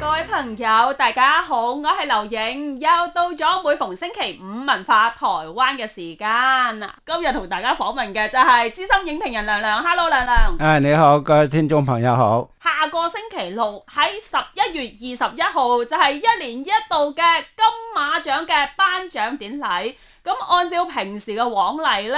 各位朋友，大家好，我係劉影，又到咗每逢星期五文化台灣嘅時間啦。今日同大家訪問嘅就係資深影評人梁良，Hello，梁良，誒，你好，各位聽眾朋友好。下個星期六喺十一月二十一號，就係一年一度嘅金馬獎嘅頒獎典禮。咁按照平時嘅往例呢，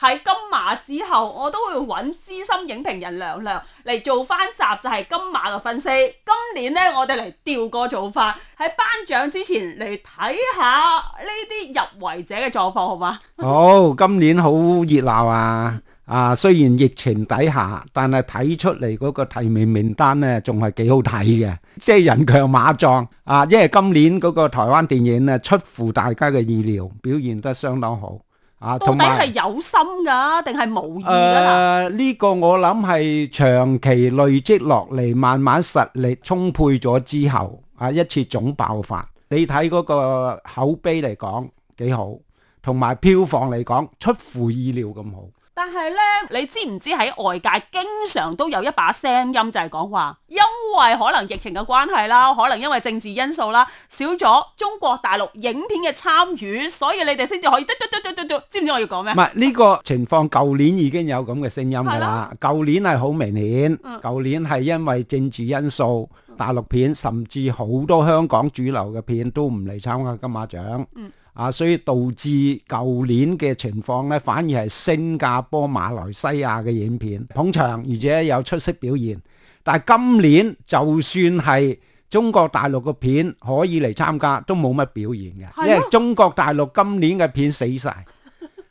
喺金馬之後，我都會揾資深影評人梁良嚟做翻集，就係、是、金馬嘅分析。今年呢，我哋嚟調個做法，喺頒獎之前嚟睇下呢啲入圍者嘅狀況，好嗎？好，oh，今年好熱鬧啊！啊，雖然疫情底下，但係睇出嚟嗰個提名名單呢，仲係幾好睇嘅，即係人強馬壯啊！因為今年嗰個台灣電影呢，出乎大家嘅意料，表現得相當好啊。到底係有心㗎定係冇意㗎啦？誒呢個我諗係長期累積落嚟，慢慢實力充沛咗之後啊，一次總爆發。你睇嗰個口碑嚟講幾好，同埋票房嚟講出乎意料咁好。但係呢，你知唔知喺外界經常都有一把聲音就係講話，因為可能疫情嘅關係啦，可能因為政治因素啦，少咗中國大陸影片嘅參與，所以你哋先至可以，嘟嘟嘟嘟嘟。知唔知我要講咩？唔係呢個情況，舊年已經有咁嘅聲音噶啦，舊年係好明顯，嗯，舊年係因為政治因素，大陸片甚至好多香港主流嘅片都唔嚟參加金馬獎。嗯啊，所以導致舊年嘅情況咧，反而係新加坡、馬來西亞嘅影片捧場，而且有出色表現。但係今年就算係中國大陸嘅片可以嚟參加，都冇乜表現嘅，啊、因為中國大陸今年嘅片死晒，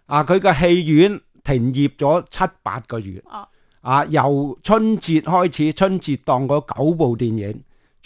啊，佢嘅戲院停業咗七八個月。啊，由春節開始，春節檔嗰九部電影。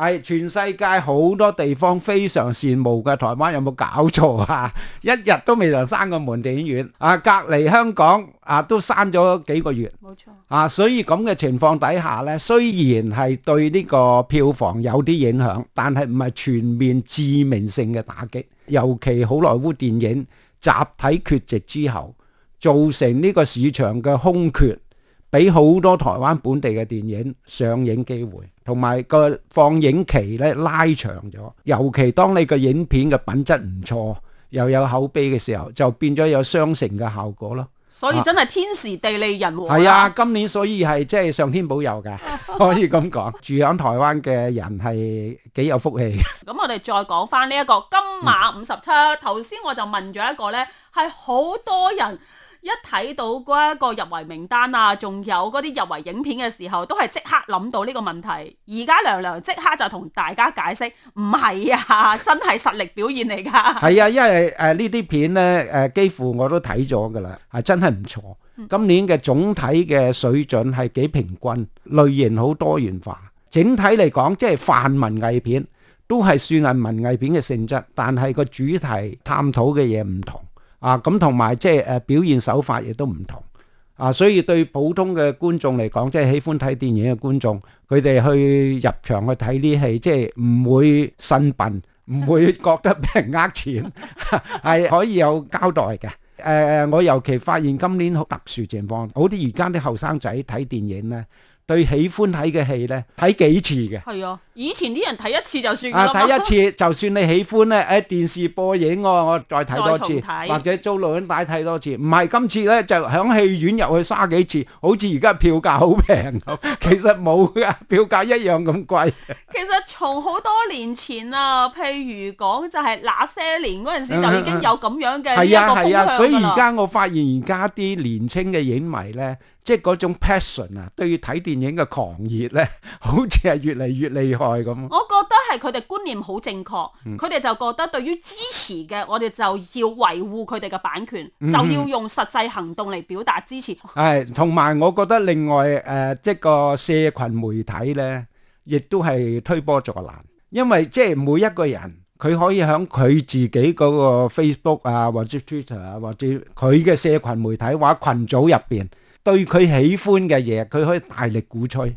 係全世界好多地方非常羨慕嘅，台灣有冇搞錯啊？ 一日都未就閂個門電影院啊，隔離香港啊都閂咗幾個月，冇錯啊，所以咁嘅情況底下咧，雖然係對呢個票房有啲影響，但係唔係全面致命性嘅打擊，尤其好萊塢電影集體缺席之後，造成呢個市場嘅空缺。俾好多台灣本地嘅電影上映機會，同埋個放映期咧拉長咗。尤其當你個影片嘅品質唔錯，又有口碑嘅時候，就變咗有雙成嘅效果咯。所以真係天時地利人和啊。係啊，今年所以係即係上天保佑㗎， 可以咁講。住響台灣嘅人係幾有福氣。咁 我哋再講返呢一個金馬五十七。頭先我就問咗一個呢：係好多人。一睇到嗰一個入圍名單啊，仲有嗰啲入圍影片嘅時候，都係即刻諗到呢個問題。而家梁良即刻就同大家解釋，唔係啊，真係實力表現嚟㗎。係啊，因為誒呢啲片咧誒幾乎我都睇咗㗎啦，係真係唔錯。今年嘅總體嘅水準係幾平均，類型好多元化，整體嚟講即係泛文藝片都係算係文藝片嘅性質，但係個主題探討嘅嘢唔同。啊，咁同埋即係誒表現手法亦都唔同啊，所以對普通嘅觀眾嚟講，即係喜歡睇電影嘅觀眾，佢哋去入場去睇呢戲，即係唔會呻笨，唔 會覺得俾人呃錢，係 可以有交代嘅。誒、呃，我尤其發現今年好特殊情況，好似而家啲後生仔睇電影呢。最喜歡睇嘅戲呢，睇幾次嘅？係啊，以前啲人睇一次就算啦。啊，睇一次就算你喜歡呢，誒電視播映我，我再睇多次，或者租錄影帶睇多次。唔係今次呢，就響戲院入去刷幾次，好似而家票價好平咁。其實冇嘅，票價一樣咁貴。其實從好多年前啊，譬如講就係那些年嗰陣時，就已經有咁樣嘅。係啊係啊，所以而家我發現而家啲年輕嘅影迷呢。即係嗰種 passion 啊，對於睇電影嘅狂熱咧，好似係越嚟越厲害咁。我覺得係佢哋觀念好正確，佢哋就覺得對於支持嘅，我哋就要維護佢哋嘅版權，就要用實際行動嚟表達支持。係，同埋我覺得另外誒，即係個社群媒體咧，亦都係推波助瀾，因為即係每一個人佢可以喺佢自己嗰個 Facebook 啊，或者 Twitter 啊，或者佢嘅社群媒體或者群組入邊。對佢喜歡嘅嘢，佢可以大力鼓吹。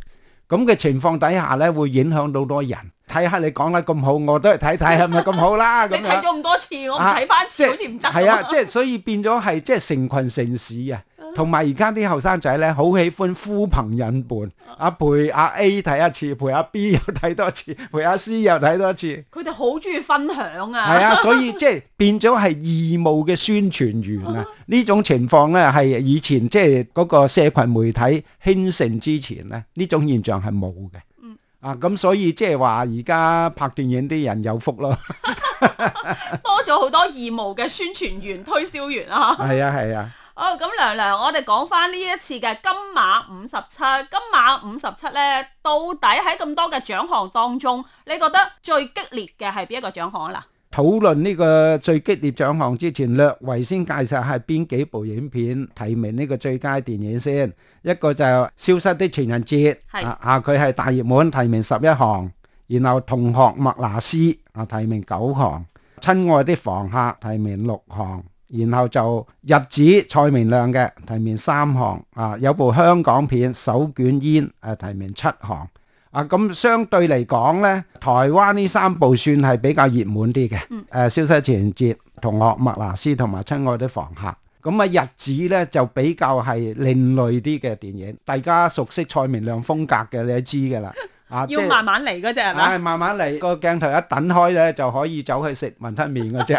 咁嘅情況底下咧，會影響到多人。睇下你講得咁好，我都係睇睇係咪咁好啦。咁 你睇咗咁多次，啊、我唔睇翻次好似唔得。係啊，即係所以變咗係即係成群成市啊。同埋而家啲後生仔咧，好喜歡呼朋引伴，啊陪阿 A 睇一次，陪阿 B 又睇多次，陪阿 C 又睇多次。佢哋好中意分享啊！係 啊，所以即係變咗係義務嘅宣傳員啊！呢種情況咧係以前即係嗰個社群媒體興盛之前咧，呢種現象係冇嘅。嗯。啊，咁所以即係話而家拍電影啲人有福咯， 多咗好多義務嘅宣傳員、推銷員啦。係 啊，係啊。哦，咁梁良，我哋講翻呢一次嘅金馬五十七，金馬五十七呢，到底喺咁多嘅獎項當中，你覺得最激烈嘅係邊一個獎項啦？討論呢個最激烈獎項之前，略為先介紹下邊幾部影片提名呢個最佳電影先。一個就係《消失的情人節》，啊是啊，佢係大熱門，提名十一項。然後《同學麥拿斯》啊，提名九項，《親愛的房客》提名六項。然後就日子蔡明亮嘅提名三項啊，有部香港片《手捲煙》誒提名七項啊，咁、啊、相對嚟講呢台灣呢三部算係比較熱門啲嘅，誒、嗯啊《消失的情人節》、《同學麥娜斯》同埋《親愛的房客》啊，咁啊日子呢就比較係另類啲嘅電影，大家熟悉蔡明亮風格嘅你都知噶啦。啊，要慢慢嚟嗰隻係咪？唉，慢慢嚟，個鏡頭一等開咧，就可以走去食雲吞麵嗰隻。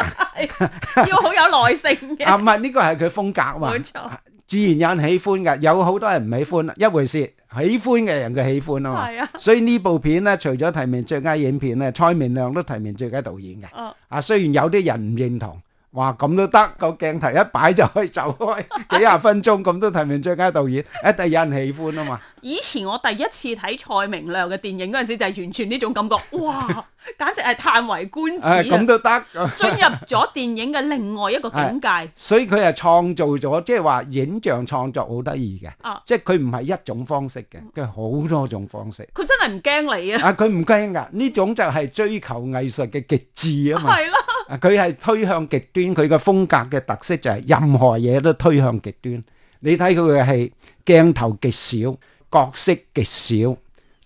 要好有耐性嘅。啊，唔係呢個係佢風格嘛。冇錯。自然有人喜歡㗎，有好多人唔喜歡，一回事。喜歡嘅人佢喜歡啊嘛。係啊。所以呢部片咧，除咗提名最佳影片咧，蔡明亮都提名最佳導演嘅。啊，雖然有啲人唔認同。哇，咁都得個鏡頭一擺就可以走開幾、幾廿分鐘咁都提名最佳導演， 一定有人喜歡啊嘛！以前我第一次睇蔡明亮嘅電影嗰陣時，就係、是、完全呢種感覺，哇， 簡直係嘆為觀止！誒、哎，咁都得，進 入咗電影嘅另外一個境界。哎、所以佢係創造咗，即係話影像創作好得意嘅，啊、即係佢唔係一種方式嘅，佢係好多種方式。佢真係唔驚你啊！啊，佢唔驚噶，呢種就係追求藝術嘅極致啊嘛！係咯。啊！佢係推向極端，佢嘅風格嘅特色就係任何嘢都推向極端。你睇佢嘅戲，鏡頭極少，角色極少，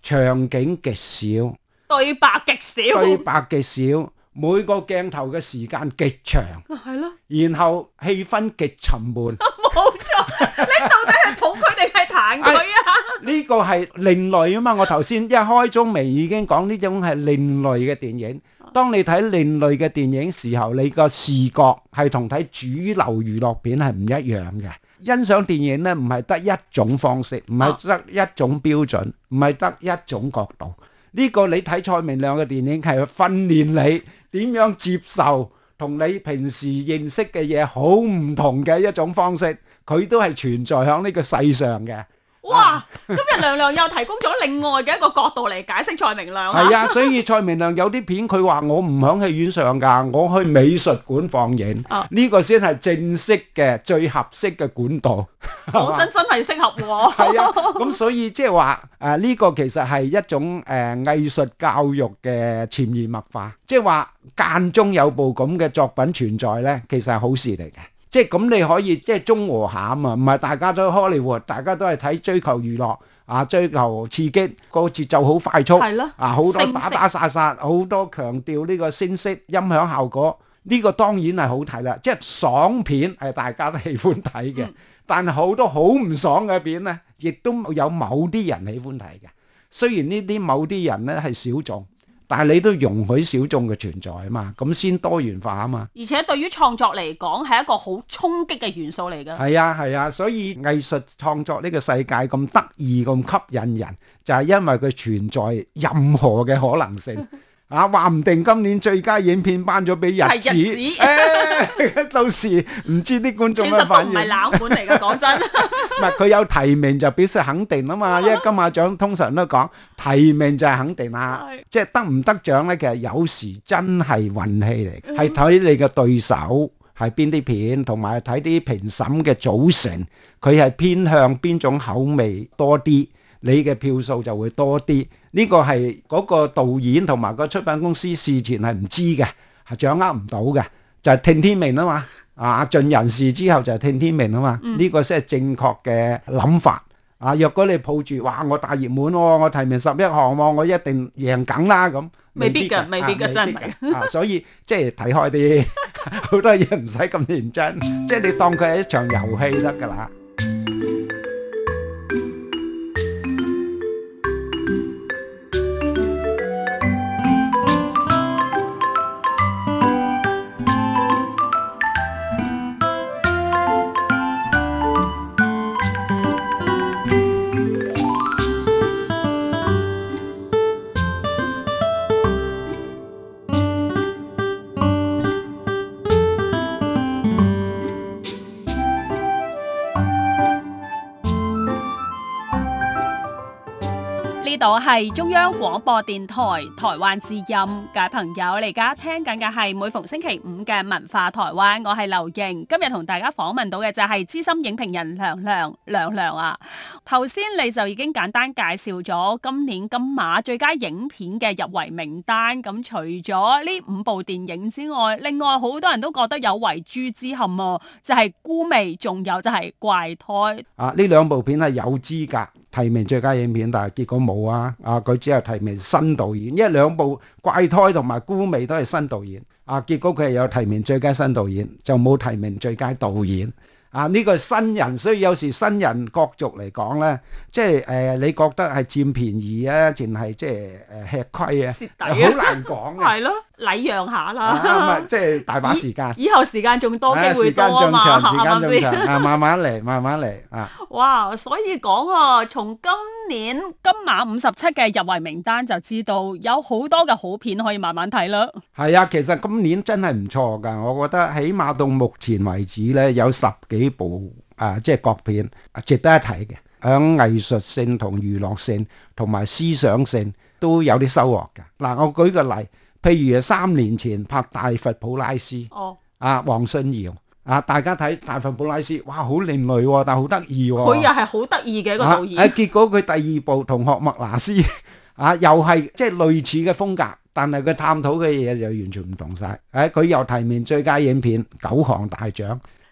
場景極少，對白極少，對白極少，每個鏡頭嘅時間極長，係咯，然後氣氛極沉悶。冇錯，你到底係捧佢定係彈佢啊？呢個係另類啊嘛！我頭先一開宗未已經講呢種係另類嘅電影。當你睇另類嘅電影時候，你個視覺係同睇主流娛樂片係唔一樣嘅。欣賞電影咧，唔係得一種方式，唔係得一種標準，唔係得一種角度。呢個你睇蔡明亮嘅電影係訓練你點樣接受同你平時認識嘅嘢好唔同嘅一種方式。佢都係存在喺呢個世上嘅。哇！今日梁良又提供咗另外嘅一個角度嚟解釋蔡明亮，啊。係啊， 所以蔡明亮有啲片佢話我唔響戲院上噶，我去美術館放映。呢、 啊、個先係正式嘅最合適嘅管道。講 真真係適合喎。係啊，咁 所以即係話誒呢個其實係一種誒藝術教育嘅潛移默化，即係話間中有部咁嘅作品存在咧，其實係好事嚟嘅。即係咁你可以即係中和下啊嘛，唔係大家都荷里活，大家都係睇追求娛樂啊，追求刺激、個節奏好快速，的啊好多打打殺殺，好聲多強調呢個聲色音響效果，呢個當然係好睇啦，即係爽片係大家都喜歡睇嘅，嗯、但係好多好唔爽嘅片咧，亦都有某啲人喜歡睇嘅，雖然些些呢啲某啲人咧係小眾，但係你都容許小眾嘅存在啊嘛，咁先多元化啊嘛。而且對於創作嚟講，係一個好衝擊嘅元素嚟嘅。係啊係啊，所以藝術創作呢個世界咁得意咁吸引人，就係因為佢存在任何嘅可能性。 啊，話唔定今年最佳影片頒咗俾人，日子、 哎，到時唔知啲觀眾嘅反應。確實唔係冷門嚟嘅，講 真。唔係佢有提名就表示肯定啊嘛，啊、因為金馬獎通常都講提名就係肯定啦，是即係得唔得獎咧？其實有時真係運氣嚟，係睇、嗯、你嘅對手係邊啲片，同埋睇啲評審嘅組成，佢係偏向邊種口味多啲，你嘅票數就會多啲。呢個係嗰個導演同埋個出品公司事前係唔知嘅，係掌握唔到嘅，就係、是、聽天命啊嘛！啊阿盡人事之後就係聽天命啊嘛！呢、嗯、個先係正確嘅諗法啊！若果你抱住哇，我大熱門喎，哦，我提名十一項喎，我一定贏梗啦咁，未必㗎，未必㗎，啊、未必㗎、真係是、啊、所以即係睇開啲，好多嘢唔使咁認真，即係 你當佢係一場遊戲得㗎啦。係中央廣播電台台灣之音，各位朋友，你而家聽緊嘅係每逢星期五。嘅文化台灣，我係劉盈，今日同大家訪問到嘅就係資深影評人梁良梁良啊。頭先你就已經簡單介紹咗今年金馬最佳影片嘅入圍名單。咁除咗呢五部電影之外，另外好多人都覺得有遺珠之憾，就係孤味，仲有就係怪胎。啊！呢兩部片係有資格提名最佳影片，但係結果冇啊。啊，佢只係提名新導演，因為兩部怪胎同埋孤味都係新導演。啊！結果佢係有提名最佳新導演，就冇提名最佳導演。啊！呢、這個新人，所以有時新人角逐嚟講咧，即係誒、呃，你覺得係佔便宜啊，定係即係誒吃虧啊？好難講啊！係咯。 禮讓下啦，即係、啊就是、大把時間，以，以後時間仲多、啊、機會多嘛間啊嘛、 啊，慢慢嚟，慢慢嚟啊！哇，所以講啊，從今年金馬五十七嘅入圍名單就知道，有好多嘅好片可以慢慢睇啦。係啊，其實今年真係唔錯㗎，我覺得起碼到目前為止呢，有十幾部啊，即係國片值得一睇嘅，響、啊、藝術性同娛樂性同埋思想性都有啲收穫㗎。嗱、啊，我舉個例。譬如三年前拍《大佛普拉斯》oh. 啊，哦，啊黃信堯，啊大家睇《大佛普拉斯》哇，哇好另類喎，但係好得意喎。佢又係好得意嘅一個導演。哎、啊啊，結果佢第二部《同學麥娜絲》啊，啊又係即係類似嘅風格，但係佢探討嘅嘢就完全唔同晒。哎、啊，佢又提名最佳影片、九項大獎。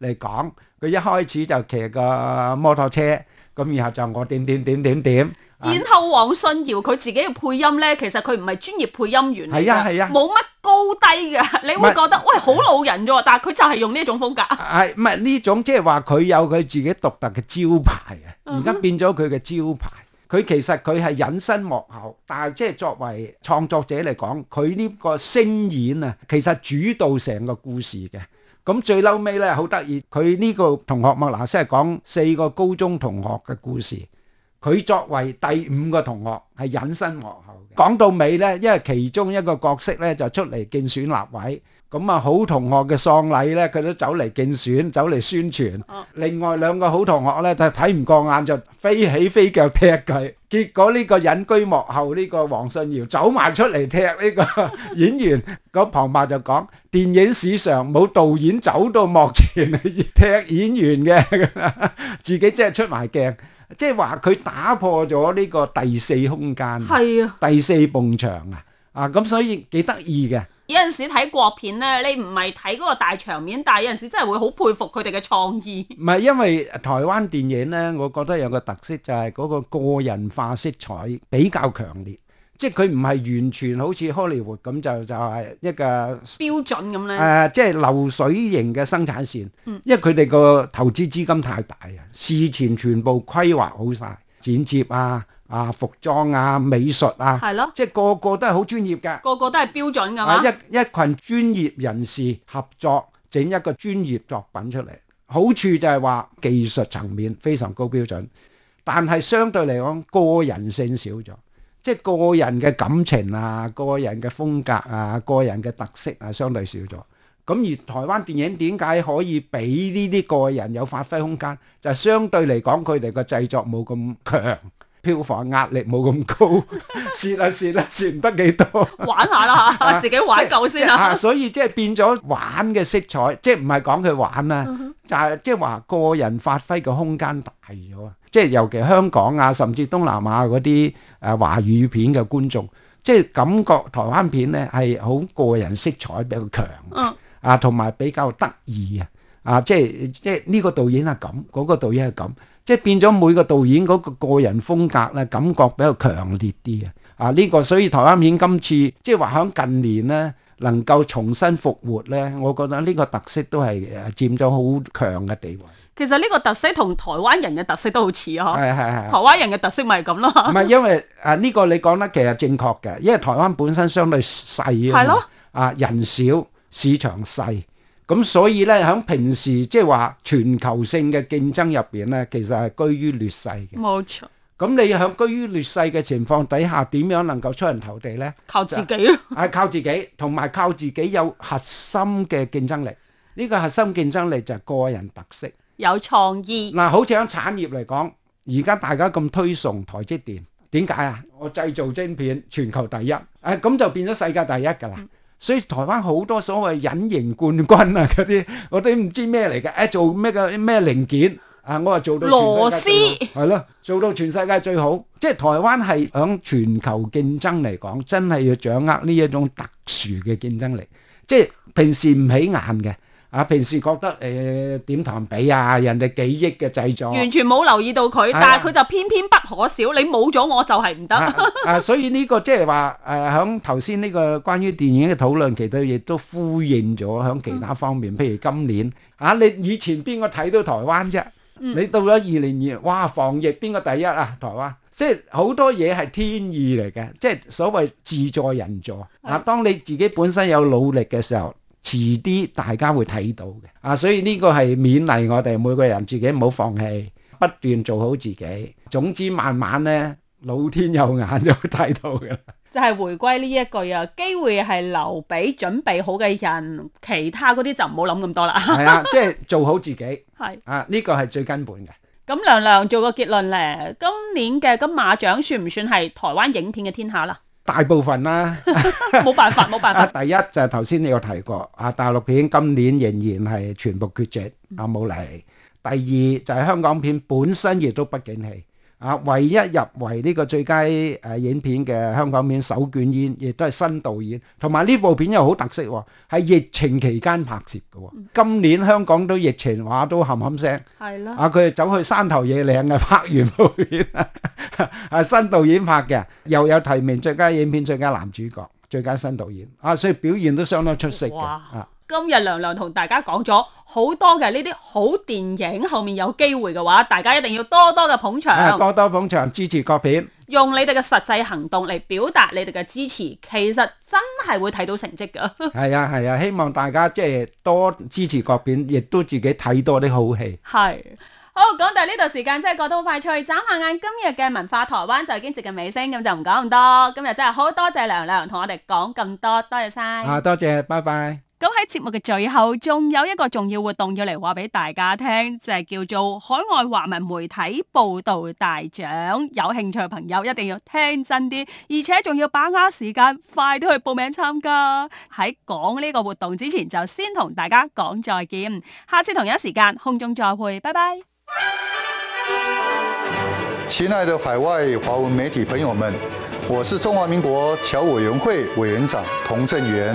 嚟講，佢一開始就騎個摩托車，咁然後就我點點點點點。然後黃信堯佢自己嘅配音呢，其實佢唔係專業配音員嚟嘅，係啊係啊，冇乜、啊、高低嘅，你會覺得是喂好老人啫喎，啊、但係佢就係用呢種風格。係唔係呢種即係話佢有佢自己獨特嘅招牌啊？而家變咗佢嘅招牌。佢、嗯、哼其實佢係隱身幕後，但係即係作為創作者嚟講，佢呢個聲演啊，其實主導成個故事嘅。咁最嬲尾咧，好得意，佢呢個同學麥娜絲係講四個高中同學嘅故事，佢作為第五個同學係隱身幕後嘅。講到尾呢，因為其中一個角色呢，就出嚟競選立委。咁啊、嗯，好同學嘅喪禮咧，佢都走嚟競選，走嚟宣傳。哦、另外兩個好同學咧，就睇唔過眼就飛起飛腳踢佢。結果呢個隱居幕後呢個黃信堯走埋出嚟踢呢個演員。個 旁白就講：電影史上冇導演走到幕前嚟踢演員嘅， 自己即係出埋鏡，即係話佢打破咗呢個第四空間，係啊，第四埲牆啊。啊，咁所以幾得意嘅。有陣時睇國片咧，你唔係睇嗰個大場面，但係有陣時真係會好佩服佢哋嘅創意。唔係因為台灣電影咧，我覺得有個特色就係嗰個個人化色彩比較強烈，即係佢唔係完全好似荷里活咁就就係、係一個標準咁咧。誒、呃，即係流水型嘅生產線，因為佢哋個投資資金太大啊，事前全部規劃好晒，剪接啊。啊，服裝啊，美術啊，係咯，即係個個都係好專業㗎，個個都係標準㗎，一一群專業人士合作整一個專業作品出嚟，好處就係話技術層面非常高標準，但係相對嚟講個人性少咗，即係個人嘅感情啊，個人嘅風格啊，個人嘅特色啊，相對少咗。咁而台灣電影點解可以俾呢啲個人有發揮空間？就係相對嚟講佢哋個製作冇咁強。票房壓力冇咁高，蝕啦蝕啦蝕唔得幾多，玩下啦，自己玩夠先啦。所以即係變咗玩嘅色彩，即係唔係講佢玩啦，就係即係話個人發揮嘅空間大咗啊！即係尤其香港啊，甚至東南亞嗰啲誒華語片嘅觀眾，即係感覺台灣片咧係好個人色彩比較強，啊，同埋比較得意啊。啊，即係即係呢個導演係咁，嗰個導演係咁，即係變咗每個導演嗰個個人風格咧，感覺比較強烈啲啊！啊，呢個所以台灣片今次即係話喺近年咧能夠重新復活咧，我覺得呢個特色都係誒佔咗好強嘅地位。其實呢個特色同台灣人嘅特色都好似啊，係係係。台灣人嘅特色咪係咁咯。唔係因為啊呢個你講得其實正確嘅，因為台灣本身相對細係咯啊，啊人少市場細。咁所以咧，喺平時即係話全球性嘅競爭入邊咧，其實係居於劣勢嘅。冇錯。咁你喺居於劣勢嘅情況底下，點樣能夠出人頭地咧？靠自己啊！係靠自己，同埋靠自己有核心嘅競爭力。呢個核心競爭力就係個人特色，有創意。嗱，好似喺產業嚟講，而家大家咁推崇台積電，點解啊？我製造晶片全球第一，誒咁就變咗世界第一㗎啦。所以台灣好多所謂隱形冠軍啊，嗰啲我哋唔知咩嚟嘅，誒、哎、做咩嘅咩零件啊，我話做到螺絲係咯，做到全世界最好。即係台灣係響全球競爭嚟講，真係要掌握呢一種特殊嘅競爭力，即係平時唔起眼嘅。啊！平時覺得誒點談比啊？人哋幾億嘅製作，完全冇留意到佢，啊、但係佢就偏偏不可少。啊、你冇咗我就係唔得。啊！所以呢個即係話誒，響頭先呢個關於電影嘅討論，其實亦都呼應咗響其他方面。譬、嗯、如今年啊，你以前邊個睇到台灣啫？嗯、你到咗二零二，哇！防疫邊個第一啊？台灣，即係好多嘢係天意嚟嘅，即係所謂自助人助。嗱、啊，當你自己本身有努力嘅時候，遲啲大家會睇到嘅，啊，所以呢個係勉勵我哋每個人自己唔好放棄，不斷做好自己。總之慢慢呢，老天有眼就會睇到嘅。就係回歸呢一句啊，機會係留俾準備好嘅人，其他嗰啲就唔好諗咁多啦。係啊，即係做好自己。係啊，呢個係最根本嘅。咁梁良做個結論咧，今年嘅金馬獎算唔算係台灣影片嘅天下啦？大部分啦、啊，冇辦法冇辦法，辦法第一就係頭先你有提過啊，大陸片今年仍然係全部缺席啊，冇嚟。第二就係、是、香港片本身亦都不景氣。啊！唯一入圍呢個最佳誒影片嘅香港片《手捲煙》，亦都係新導演，同埋呢部片又好特色，喺疫情期間拍攝嘅。今年香港都疫情，話都冚冚聲，係啦的。啊，佢哋走去山頭野嶺啊，拍完部片啊， 新導演拍嘅，又有提名最佳影片、最佳男主角、最佳新導演。啊，所以表現都相當出色嘅啊。今日梁良同大家講咗好多嘅呢啲好電影，後面有機會嘅話，大家一定要多多嘅捧場，係多多捧場支持國片，用你哋嘅實際行動嚟表達你哋嘅支持，其實真係會睇到成績㗎。係啊係啊，希望大家即係多支持國片，亦都自己睇多啲好戲。係好，講到呢度時間真係過得好快脆，眨下眼今日嘅文化台灣就已經接近尾聲，咁就唔講咁多。今日真係好多謝梁良同我哋講咁多，多謝晒。啊，多謝，拜拜。咁喺節目嘅最後，仲有一個重要活動要嚟話俾大家聽，就係叫做海外華文媒體報道大獎。有興趣嘅朋友一定要聽真啲，而且仲要把握時間，快啲去報名參加。喺講呢個活動之前，就先同大家講再見。下次同一時間空中再會，拜拜。親愛的海外華文媒體朋友們，我是中華民國僑委員會委員長童振源。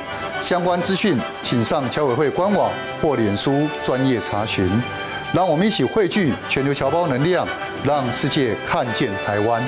相關資訊請上僑委會官網或臉書專業查詢，讓我們一起匯聚全球僑胞能量，讓世界看見台灣。